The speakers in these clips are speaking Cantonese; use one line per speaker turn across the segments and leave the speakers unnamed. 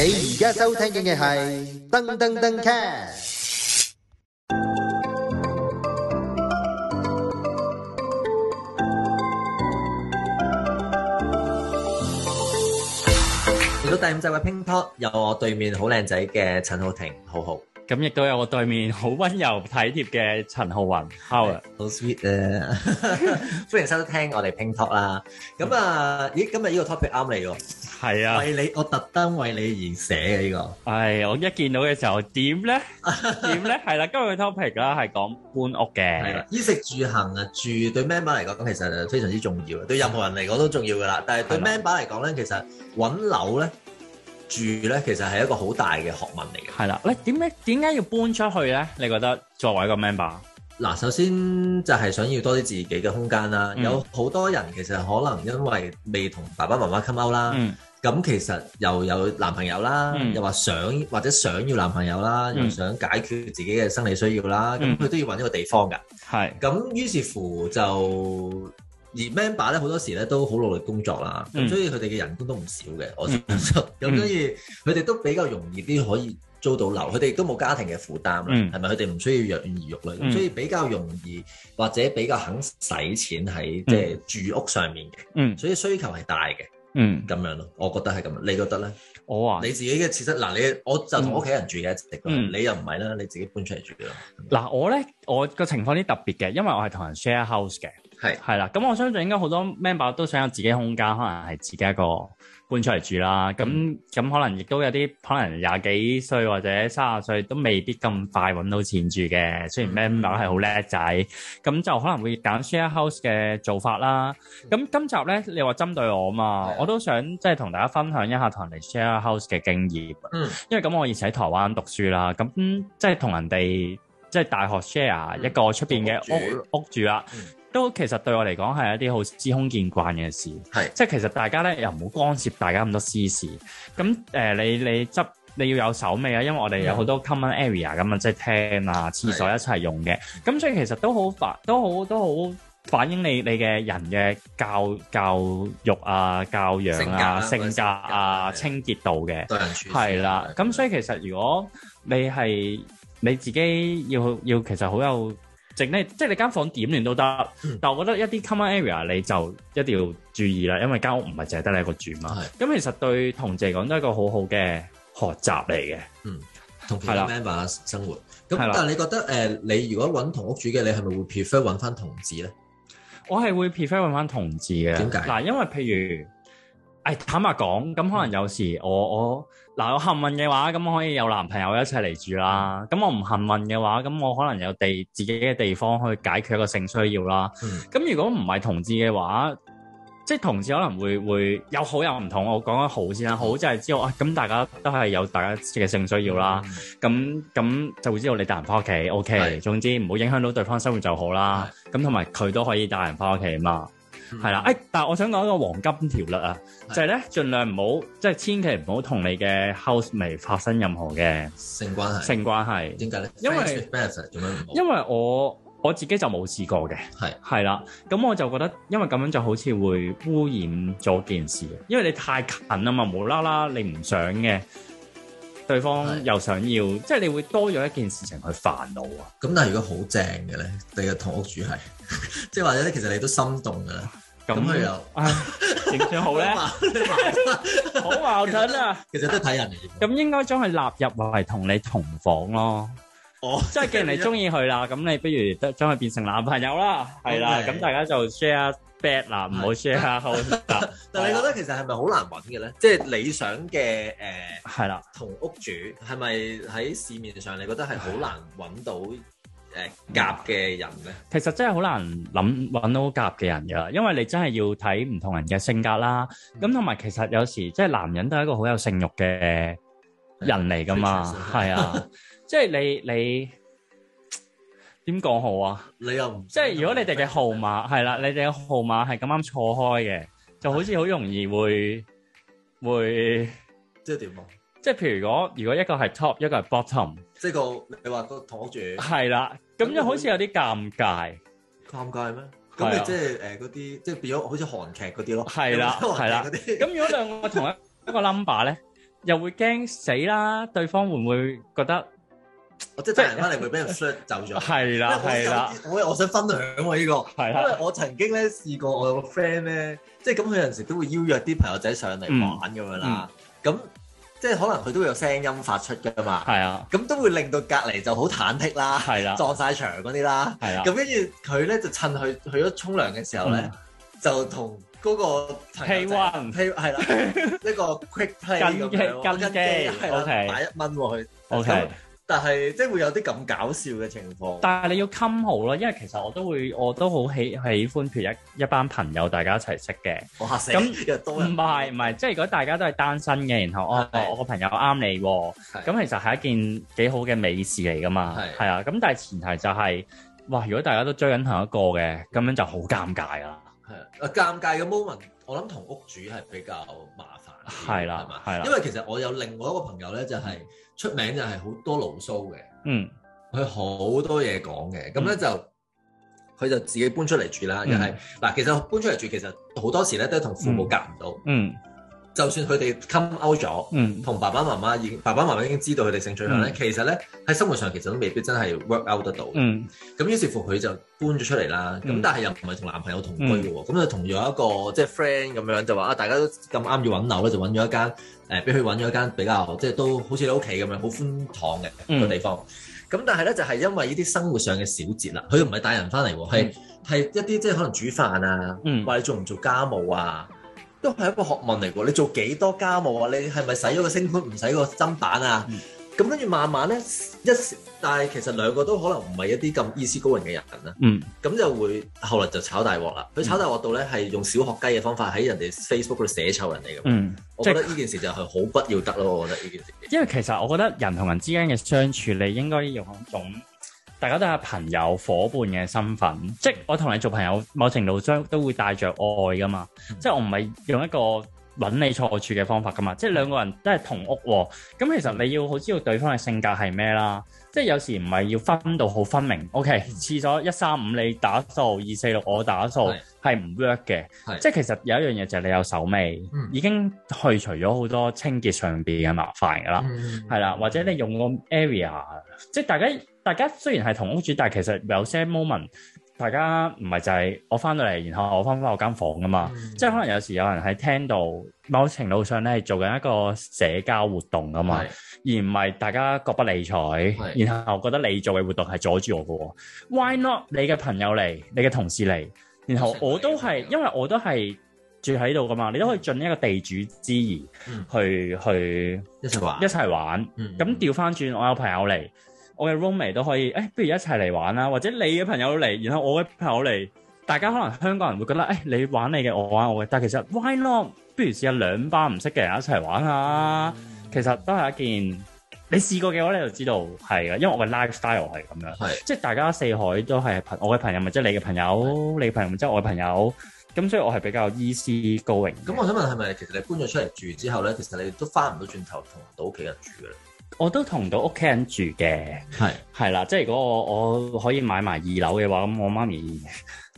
你而家收聽嘅係噔噔噔 cast 嚟到第五集嘅拼拖，有我對面好靚仔嘅陳浩庭好好！咁亦都有我對面好溫柔體貼嘅陳浩雲。Hello 蜜啊，好 sweet 啊！歡迎收聽我哋拼拖啦。咁啊，咦，今日呢個 topic 啱你喎。係啊，為你我特登為你而寫嘅呢個。係、哎、我一見到嘅時候，點咧？點咧？ 係啦，今日嘅 topic 啦係講搬屋嘅。係啦、啊，了衣食住行啊，住對 member 嚟講，咁其實非常之重要啊。對任何人嚟講都重要噶啦。但係對 member 嚟講咧，其實揾樓咧住咧，其實係一個好大嘅學問嚟嘅。係啦、啊，咧點解點解要搬出去咧？你覺得作為一個 member？嗱，首先就係想要多啲自己嘅空間啦。有好多人其實可能因為未同爸爸媽媽溝啦。嗯咁其實又有男朋友啦，又話想或者想要男朋友啦，又想解決自己嘅生理需要啦，咁佢都要揾一個地方㗎。係咁於是乎就而 member 咧，好多時咧都好努力工作啦，咁所以佢哋嘅人工都唔少嘅。我咁所以佢哋都比較容易啲可以租到樓，佢哋亦都冇家庭嘅負擔啦，係咪？佢哋唔需要養兒育女，所以比較容易或者比較肯使錢喺即係住屋上面嘅。所以需求係大嘅。嗯，咁樣咯，我覺得係咁樣，你覺得咧？我啊，你自己嘅，其實嗱，你我就同屋企人住嘅，直、嗯、你又唔係啦，你自己搬出嚟住嘅。
嗱，我咧，我個情況啲特別嘅，因為我係同人 share house 嘅，係係啦。咁我相信應該好多 member 都想有自己空間，可能係自己一個。搬出嚟住啦，咁咁、嗯、可能亦都有啲可能廿幾歲或者三十歲都未必咁快揾到錢住嘅，雖然 Member 係好叻仔，咁就可能會揀 share house 嘅做法啦。咁今集咧，你話針對我嘛，的我都想即係同大家分享一下同人哋 share house 嘅經驗。嗯，因為咁我以前喺台灣讀書啦，咁即係同人哋即係大學 share 一個出邊嘅屋、嗯、屋住啦。都其實對我嚟講係一啲好司空見慣嘅事，係是即係其實大家咧又唔好干涉大家咁多私事。咁誒、呃，你你執你要有手尾啊，因為我哋有好多 common area 咁啊，即係廳啊、廁所一齊用嘅。咁的所以其實都好反，都好都好反映你你嘅人嘅教教育啊、教養啊、性格啊、清潔度嘅。係啦，咁所以其實如果你係你自己要要，其實好有。即係你間房點亂都得，嗯、但係我覺得一啲 common area 你就一定要注意啦，因為間屋唔係淨係得你一個住嘛。
咁的其實對同志嚟講都係一個好好嘅學習嚟嘅。嗯，同其他 member 生活。咁的但係你覺得誒、呃，你如果揾同屋住嘅，你係咪會 prefer 揾翻同志咧？我係會 prefer 揾翻同志嘅。點解何？嗱，因為譬如。坦
白講，咁可能有時我我，嗱，我，我幸運嘅話，咁我可以有男朋友一齊嚟住啦。咁我唔幸運嘅話，咁我可能有地自己嘅地方去解決一個性需要啦。咁、嗯、如果唔係同志嘅話，即係同志可能會會有好有唔同。我講下好先啦，好就係知道啊，咁、哎、大家都係有大家嘅性需要啦。咁咁、嗯、就會知道你帶人翻屋企，OK 是。總之唔好影響到對方生活就好啦。咁同埋佢都可以帶人翻屋企嘛。係啦，誒、哎，但係我想講一個黃金條律啊，就係、是、咧，盡是的 量唔好，即、就、係、是、千祈唔好同你嘅 housemate 發生任何嘅性關係。性關係點解咧？因為，因為我我自己就冇試過嘅。係係啦，咁我就覺得，因為咁樣就好似會污染咗件事，因為你太近啊嘛，無啦啦你唔想嘅。對方又想要，即係你會
多咗一件事情去煩惱啊！咁但係如果好正嘅咧，你嘅同屋主係，即係或者咧，其實你都心動噶啦。咁、 嗯、佢又，點、 啊、算好咧？ 好矛盾啊其！其實都睇人。
咁 應該將佢納入為同你同房咯。哦，oh, 即係既然你中意佢啦，咁 你不如都將佢變成男朋友啦。係啦，咁大家就 share。bad 啦，唔好 share 的啊！但係你覺
得其實係咪好難揾嘅咧？即係理想嘅誒，係啦，的同屋主係咪喺市面上你覺得係好難揾到誒的、呃、夾嘅人咧？
其實真係好難諗揾到夾嘅人嘅，因為你真係要睇唔同人嘅性格啦。咁同埋其實有時即係男人都係一個好有性慾嘅人嚟㗎嘛，係啊，即係你你。 點講好啊？你又唔即係如果你哋嘅號碼係啦，你哋嘅號碼係咁啱錯開嘅，就好似好容易會會即係點啊？即係譬如如果如果一個係 top，一個係 bottom，
即係個你話個躺住
係啦，咁就好似有啲尷尬，尷尬咩？咁
咪即係誒嗰啲即係變咗好似韓劇嗰啲咯，係啦係啦嗰啲。咁如果兩
個同一一個 number 咧，又會驚死啦！對方會唔會覺得？
我即係帶人翻嚟，佢俾人甩走咗。係啦，係啦，我我想分享喎呢個，因為我曾經咧試過我有個 friend 咧，即係咁佢有時都會邀約啲朋友仔上嚟玩咁樣啦。咁即係可能佢都會有聲音發出噶嘛。係啊，咁都會令到隔籬就好忐忑啦。係啦，撞晒牆嗰啲啦。係啊，咁跟住佢咧就趁佢去咗沖涼嘅時候咧，就同嗰個 pay o 係啦，呢個 quick pay 咁樣，跟機跟機，O K，買一蚊喎佢，O K。但係，即係會有啲咁搞笑嘅情況。但
係你要襟好囉，因為其實我都會，我都好喜喜歡，譬如一一班朋友大家一齊識嘅。我嚇死，咁其實都唔係唔係，即係如果大家都係單身嘅，然後我的我個朋友啱你，咁的其實係一件幾好嘅美事嚟㗎嘛。係啊的，咁但係前提就係、是，哇！如果大家都追緊同一個嘅，咁樣就好尷尬啦。
係啊，尷尬嘅 moment，我諗同屋主係比較麻煩。
係啦，係啦，因為其
實我有另外一個朋友咧，就係、係、出名就係好多牢騷嘅。嗯，佢好多嘢講嘅，咁咧就佢、嗯、就自己搬出嚟住啦。就係嗱，嗯、其實搬出嚟住其實好多時咧都係同父母夾唔到。嗯。就算佢哋 come out 咗，同、嗯、爸爸媽媽已經爸爸媽媽已經知道佢哋性取向咧，嗯、其實咧喺生活上其實都未必真係 work out 得到。咁、嗯、於是乎佢就搬咗出嚟啦。咁、嗯、但係又唔係同男朋友同居嘅喎，咁、嗯、就同咗一個即係 friend 咁樣就話啊，大家都咁啱要揾樓咧，就揾咗一間誒，俾佢揾咗一間比較即係都好似你屋企咁樣好寬敞嘅個地方。咁、嗯、但係咧就係、是、因為呢啲生活上嘅小節啦，佢又唔係帶人翻嚟，係係、嗯、一啲即係可能煮飯啊，或者做唔做家務啊。都係一個學問嚟嘅，你做幾多家務啊？你係咪使咗個升盤唔使個砧板啊？咁跟住慢慢咧一，但係其實兩個都可能唔係一啲咁意思高人嘅人啊。咁、嗯、就會後來就炒大鑊啦。佢炒大鑊度咧係用小學雞嘅方法喺人哋 Facebook 度寫臭人嚟嘅、嗯。我覺得呢件事就係好不要得咯。我覺得呢件事，
因為其實我覺得人同人之間嘅相處，你應該用一種,種。大家都係朋友伙伴嘅身份，即係我同你做朋友，某程度上都會帶着愛噶嘛,、嗯、嘛。即係我唔係用一個揾你錯處嘅方法噶嘛。即係兩個人都係同屋、哦，咁其實你要好知道對方嘅性格係咩啦。即係有時唔係要分到好分明。O、okay, K，、嗯、廁所一三五你打掃，二四六我打掃，係唔 work 嘅。是即係其實有一樣嘢就係你有手尾、嗯、已經去除咗好多清潔上邊嘅麻煩噶啦。係啦、嗯，嗯、或者你用個 area，即係大家。大家雖然係同屋住，但係其實有些 moment，大家唔係就係我翻到嚟，然後我翻返我間房噶嘛。嗯、即係可能有時有人喺聽到，某程度上咧係做緊一個社交活動噶嘛，是而唔係大家各不理睬。是然後覺得你做嘅活動係阻住我嘅。Why not？你嘅朋友嚟，你嘅同事嚟，然後我都係，嗯、因為我都係住喺度噶嘛，你都可以盡一個地主之誼去、嗯、去，去一齊玩一齊玩。咁調翻轉，我有朋友嚟。我嘅 roommate 都可以，誒、哎，不如一齊嚟玩啦，或者你嘅朋友嚟，然後我嘅朋友嚟，大家可能香港人會覺得，誒、哎，你玩你嘅，我玩我嘅，但其實 why not 不如試下兩班唔識嘅人一齊玩下，嗯、其實都係一件，你試過嘅話，你就知道係嘅，因為我嘅 lifestyle 係咁樣，係，即係大家四海都係朋，我嘅朋友咪即係你嘅朋友，你嘅朋友咪即係我嘅朋友，咁、就是、是所以我係比較 easy going、嗯。咁的
我想問係咪其實你搬咗出嚟住之後咧，其實你都翻唔到轉頭同到屋企人住嘅？
我都同到屋企人住嘅，係係啦，即係如果我我可以買埋二樓嘅話，咁我媽咪，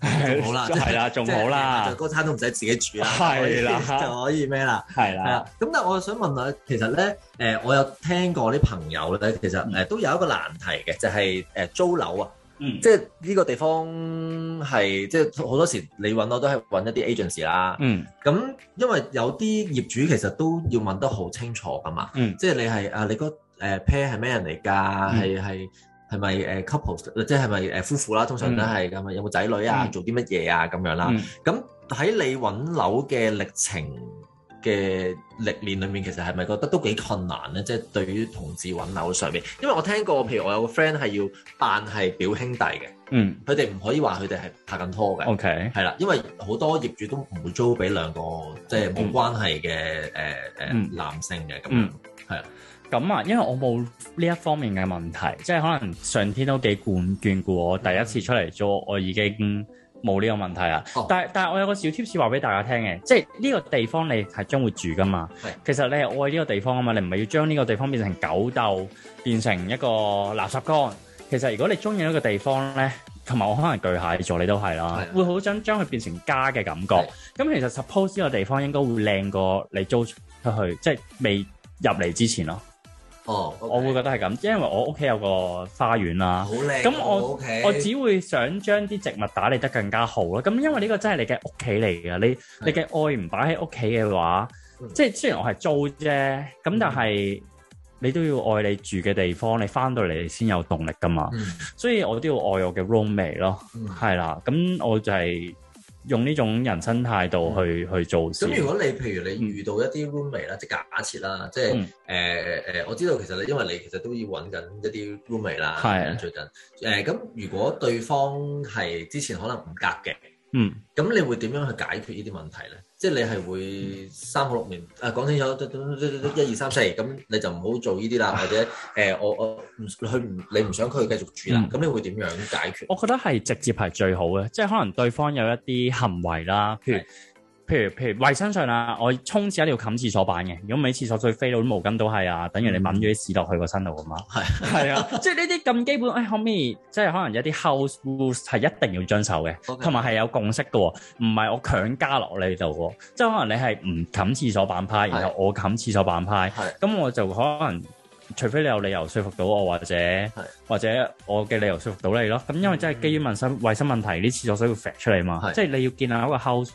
係啦，仲好啦，嗰
餐都唔使自己煮啦，係啦的， 就可以咩啦，係啦的，咁的、嗯、但係我想問下，其實咧，誒、呃，我有聽過啲朋友咧，其實誒、呃，都有一個難題嘅，就係、是、誒、呃、租樓啊。嗯、即係呢、這個地方係即係好多時你揾我都係揾一啲 agency 啦。嗯，咁因為有啲業主其實都要問得好清楚噶嘛。嗯，即係你係啊，你嗰誒 pair 係咩人嚟㗎？係係係咪誒 couple，即係咪誒夫婦啦？通常都係㗎嘛。嗯、係係有冇仔女啊？嗯、做啲乜嘢啊？咁樣啦。咁喺、嗯嗯、你揾樓嘅歷程。嘅歷練裏面，其實係咪覺得都幾困難咧？即係對於同志揾樓上面，因為我聽過，譬如我有個 friend 係要扮係表兄弟嘅，嗯，佢哋唔可以話佢哋係拍緊拖嘅，OK，係啦，因為好多業主都唔會租俾兩個即係冇關係嘅誒誒男性嘅咁，
係啊，咁啊，因為我冇呢一方面嘅問題，即係可能上天都幾眷眷顧我，嗯，我第一次出嚟租，我已經。冇呢個問題啊、oh.，但係但係我有個小 tips 話俾大家聽嘅，即係呢個地方你係將會住噶嘛，Yes. 其實你係愛呢個地方啊嘛，你唔係要將呢個地方變成狗竇，變成一個垃圾崗。其實如果你中意呢個地方呢，同埋我可能巨蟹座你都係啦，Yes. 會好想將佢變成家嘅感覺。咁 Yes. 其實 suppose 呢個地方應該會靚過你租出去，即係未入嚟之前咯。哦，oh, okay. 我會覺得係咁，因為我屋企有個花園啦、啊，咁 我 Okay. 我只會想將啲植物打理得更加好咯。咁因為呢個真係你嘅屋企嚟嘅，你的你嘅愛唔擺喺屋企嘅話，即係雖然我係租啫，咁但係你都要愛你住嘅地方，你翻到嚟先有動力噶嘛。 所以我都要愛我嘅 roommate 咯，係啦，咁 我就係、是。用呢種人生態度去、嗯、去做事。咁如果你
譬如你遇到一啲 roommate、嗯、啦，即係假設啦，即係誒誒，我知道其實你因為你其實都要揾緊一啲 roommate、er, 啦的，最近誒咁，如果對方係之前可能唔夾嘅。嗯嗯，咁你會點樣去解決呢啲問題咧？即係你係會三好六面啊，講清楚，一、二、三、四，咁你就唔好做呢啲啦，啊、或者誒、呃，我我唔佢唔你唔想佢繼續住啦，咁、嗯、你會點樣解決？
我覺得係直接係最好嘅，即係可能對方有一啲行為啦，譬如。譬如譬如衛生上啊，我衝廁一定要冚廁所板嘅。如果唔係廁所最飛到啲毛巾都係啊，等於你掹咗啲屎落去個身度啊嘛。
係係啊，
即係呢啲咁基本，誒後面即係可能一啲 house rules 係一定要遵守嘅，同埋係有共識嘅喎，唔係我強加落你度喎。即係可能你係唔冚廁所板派，然後我冚廁所板派，咁的我就可能。除非你有理由說服到我，或者的或者我嘅理由說服到你咯。咁因為真係基於民生衞生問題，啲廁所水要甩出嚟嘛。的即係你要見下一個 house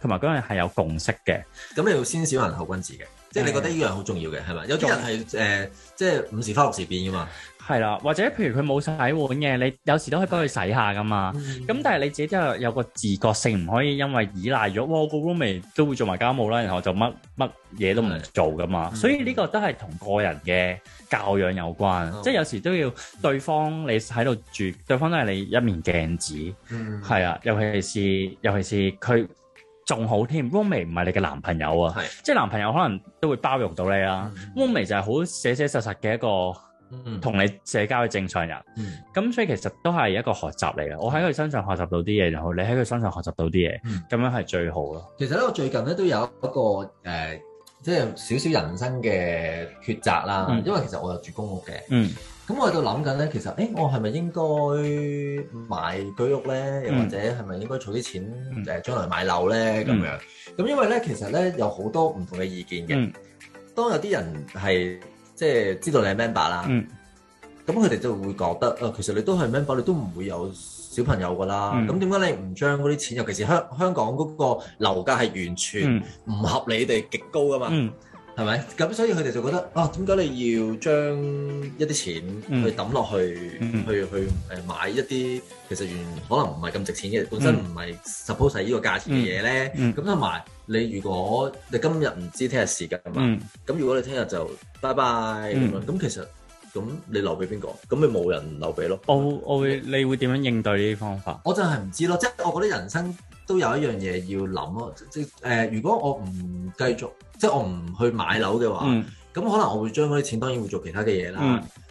同埋嗰樣係有共識嘅。
咁要先小人後君子嘅。即係你覺得呢樣好重要嘅係嘛？有
啲人係誒、呃，即係五時花六時變㗎嘛。係啦，或者譬如佢冇洗碗嘅，你有時都可以幫佢洗下㗎嘛。咁、嗯、但係你自己都有個自覺性，唔可以因為依賴咗，哇個 roommate、er、都會做埋家務啦，然後就乜乜嘢都唔做㗎嘛。嗯、所以呢個都係同個人嘅教養有關。即係、嗯、有時都要對方你喺度住，對方都係你一面鏡子。係啊、嗯嗯，尤其是尤其是佢。仲好添，roommate 唔係你嘅男朋友啊，是即係男朋友可能都會包容到你啦。roommate 就係好寫寫實實嘅一個同你社交嘅正常人，咁、嗯、所以其實都係一個學習嚟嘅，我喺佢身上學習到啲嘢，然後你喺佢身上學習到啲嘢，咁、嗯、樣係最好咯。
其實咧，我最近咧都有一個誒，即係少少人生嘅抉擇啦，嗯、因為其實我有住公屋嘅。嗯咁我喺度諗緊咧，其實，誒，我係咪應該買居屋咧？又或者係咪應該儲啲錢誒，將、嗯、來買樓咧？咁樣，咁、嗯、因為咧，其實咧有好多唔同嘅意見嘅。嗯、當有啲人係即係知道你係 member 啦，咁佢哋就會覺得啊、呃，其實你都係 member，你都唔會有小朋友噶啦。咁點解你唔將嗰啲錢，尤其是香香港嗰個樓價係完全唔合理地極高噶嘛？嗯係咪？咁所以佢哋就覺得啊，點解你要將一啲錢去抌落去、嗯嗯、去，去去誒買一啲其實原可能唔係咁值錢嘅，嗯、本身唔係 suppose 係呢個價錢嘅嘢咧？咁同埋你如果你今日唔知聽日時間啊嘛，咁、嗯、如果你聽日就拜拜，e 咁、嗯、其實咁你留俾邊個？咁咪冇人留俾咯。
我會你 我會你會點樣應對呢啲方法？我
就係唔知咯，即係我覺得人生。都有一樣嘢要諗咯，即係誒、呃，如果我唔繼續，即係我唔去買樓嘅話，咁、嗯、可能我會將嗰啲錢，當然會做其他嘅嘢啦。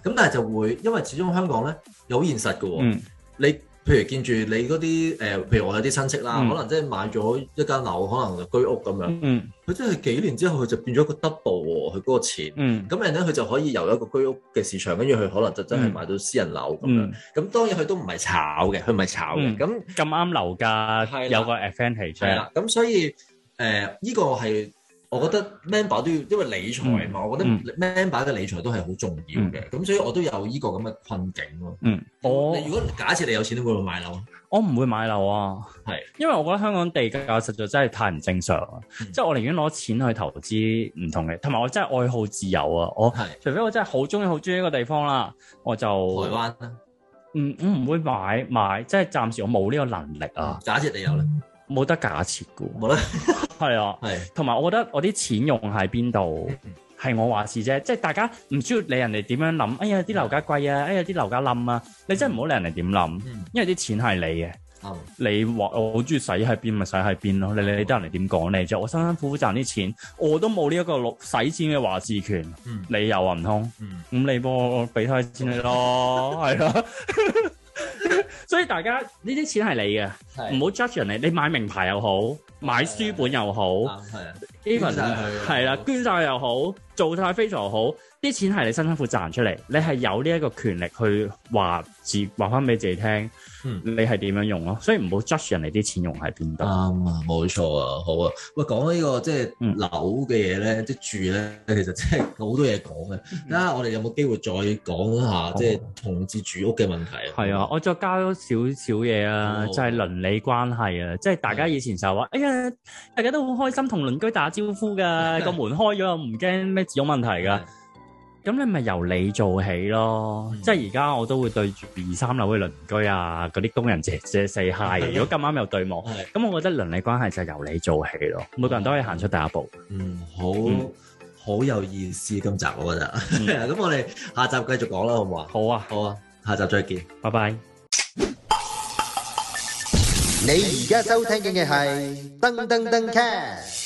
咁、嗯、但係就會，因為始終香港咧，有好現實嘅喎、哦，嗯、你。譬如見住你嗰啲誒，譬、呃、如我有啲親戚啦，嗯、可能即係買咗一間樓，可能就居屋咁樣。嗯，佢即係幾年之後，佢就變咗個 double 喎、哦，佢嗰個錢。嗯，咁樣咧，佢就可以由一個居屋嘅市場，跟住佢可能就真係買到私人樓咁樣。嗯，咁當然佢都唔係炒嘅，佢唔係炒嘅。咁咁啱樓價有個 effect 喺出嚟。係啦，咁所以誒，呢個係。我覺得 member 都要，因為理財嘛，mm. 我覺得 member 嘅理財都係好重要嘅。咁、mm. 所以，我都有呢個咁嘅困境咯。嗯，我如果假設你有錢，會唔會買樓？
我唔會買樓啊，係是，因為我覺得香港地價實在真係太唔正常、啊。即係、嗯、我寧願攞錢去投資唔同嘅，同埋我真係愛好自由啊。我係是除非我真係好中意、好中意一個地方啦、啊，我就台灣啦、嗯。嗯，我唔會買買，即、就、係、是、暫時我冇呢個能力啊，啊。假設你有咧，冇得假設嘅。冇啦。係啊，同埋的我覺得我啲錢用喺邊度，係 我話事啫。即係大家唔需要理人哋點樣諗。哎呀，啲樓價貴啊！哎呀，啲樓價冧啊！你真係唔好理人哋點諗， 因為啲錢係你嘅。 你話我好中意使喺邊，咪使喺邊咯。你理得人哋點講你啫？我辛辛苦苦賺啲錢，我都冇呢一個用使錢嘅話事權。你又話唔通？咁你幫我俾開錢你咯，係咯。所以大家呢啲錢係你嘅，唔好 judge 人哋。你買名牌又好，買書本又好，係。
捐曬佢，係
啦，捐晒又好，做曬非常好，啲錢係你辛辛苦苦賺出嚟，你係有呢一個權力去話自話翻俾自己聽，你係點樣用咯？所以唔好 judge 人哋啲錢
用喺邊度。啱啊，冇錯啊，好啊。喂，講呢個即係樓嘅嘢咧，即係住咧，其實即係好多嘢講嘅。而家我哋有冇機會再講下即係同住住屋嘅問題？
係啊，我再加少少嘢啊，就係鄰里關係啊，即係大家以前就話，哎呀，大家都好開心同鄰居打招呼嘅個門開咗，唔驚咩治安問題噶。咁你咪由你做起咯。即係而家我都會對住二三樓嘅鄰居啊，嗰啲工人姐姐四 hi。如果咁啱有對望，咁我覺得鄰里關係就由你做起咯。每個人都可以行出第一步。嗯，好
好有意思。今集我覺得，咁我哋下集繼續講啦，好唔好啊？好啊，好啊。下集再見，拜拜。你而家
收聽緊嘅係噔噔噔 cat。